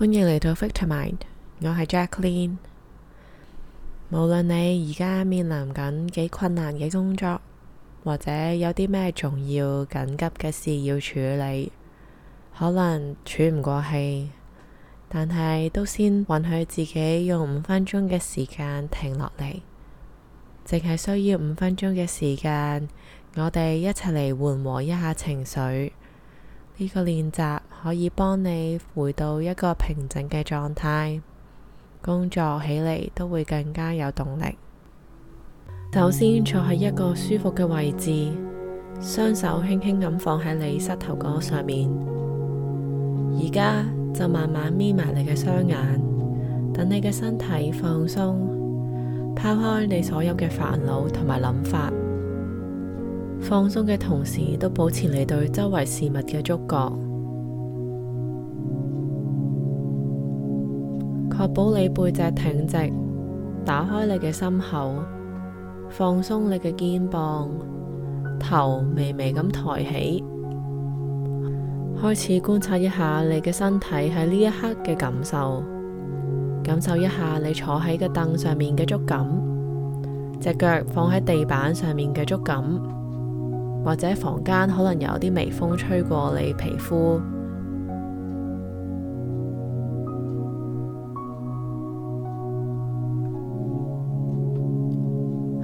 歡迎嚟到 Victor Mind，我係 Jacklyn。無論你而家面臨緊幾困難嘅工作，或者有啲咩重要緊急嘅事要處理，可能喘唔過氣，但係都先允許自己用五分鐘嘅時間停落嚟，淨係需要五分鐘嘅時間，我哋一齊嚟緩和一下情緒。呢個練習，可以幫你回到一個平靜嘅狀態，工作起嚟都會更加有動力。首先坐喺一個舒服嘅位置，雙手輕輕咁放喺你膝頭哥上面。而家就慢慢眯埋你嘅雙眼，等你嘅身體放鬆，拋開你所有嘅煩惱同埋諗法，放鬆嘅同時都保持你對周圍事物嘅觸覺。確保你背脊挺直，打開你嘅心口，放鬆你嘅肩膀，頭微微咁抬起，開始觀察一下你嘅身體喺呢一刻嘅感受，感受一下你坐喺個凳上面嘅觸感，隻腳放喺地板上面嘅觸感，或者房間可能有啲微風吹過你皮膚。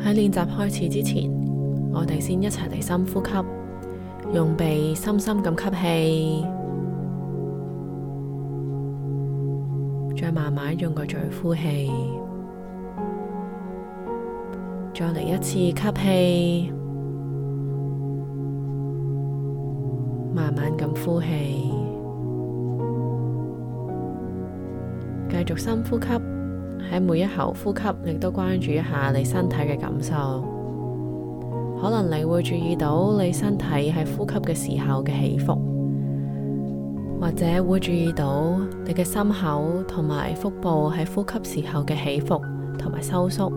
喺練習開始之前，我哋先一齊嚟深呼吸，用鼻深深咁吸氣，再慢慢用個嘴呼氣，再嚟一次吸氣，慢慢咁呼氣，繼續深呼吸。喺每一口呼吸，亦都關注一下你身體嘅感受。可能你會注意到你身體喺呼吸嘅時候嘅起伏，或者會注意到你嘅心口同埋腹部喺呼吸時候嘅起伏同埋收縮。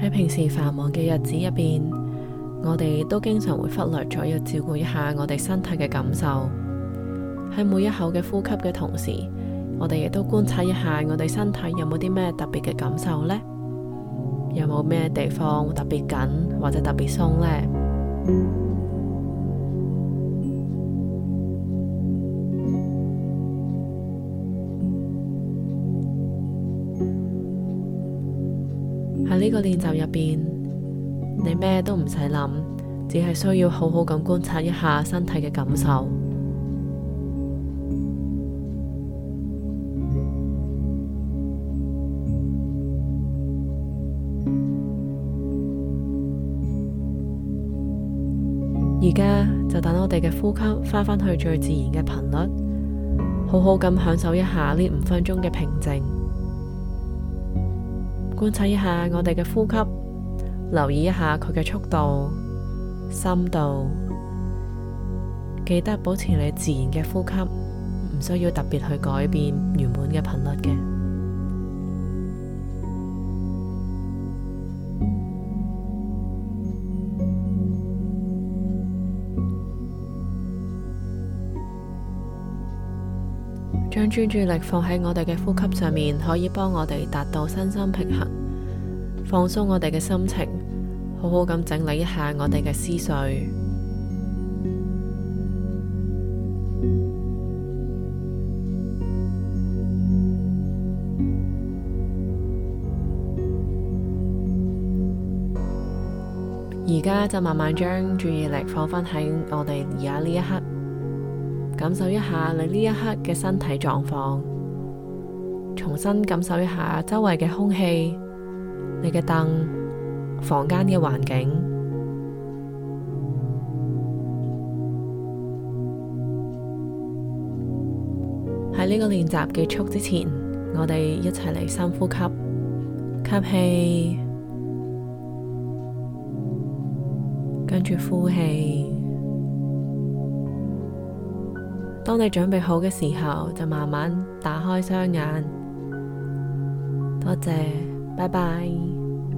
喺平時繁忙嘅日子入邊。我哋都經常會忽略咗要照顧一下我哋身體嘅感受，喺每一口嘅呼吸嘅同時，我哋亦都觀察一下我哋身體有冇啲咩特別嘅感受呢？有冇咩地方特別緊或者特別鬆呢？喺呢個練習入邊。你咩都唔使諗，只係需要好好咁觀察一下身體嘅感受。而家 就等我哋嘅呼吸翻返去最自然嘅頻率，好好咁享受一下呢五分鐘嘅平靜，觀察一下我哋嘅呼吸。留意一下佢嘅速度、深度，記得保持你自然嘅呼吸，唔需要特別去改變原本嘅頻率嘅。將專注力放喺我哋嘅呼吸上面，可以幫我哋達到身心平衡。放鬆我哋嘅心情，好好咁整理一下我哋嘅思緒。而家 就慢慢將注意力放返喺我哋而家呢一刻，感受一下你呢一刻嘅身體狀況，重新感受一下周圍嘅空氣。你嘅凳，房間嘅環境。喺呢個練習結束之前，我哋一齊嚟，深呼吸，吸氣，跟住呼氣。當你準備好嘅時候，就慢慢打開雙眼。多謝。拜拜。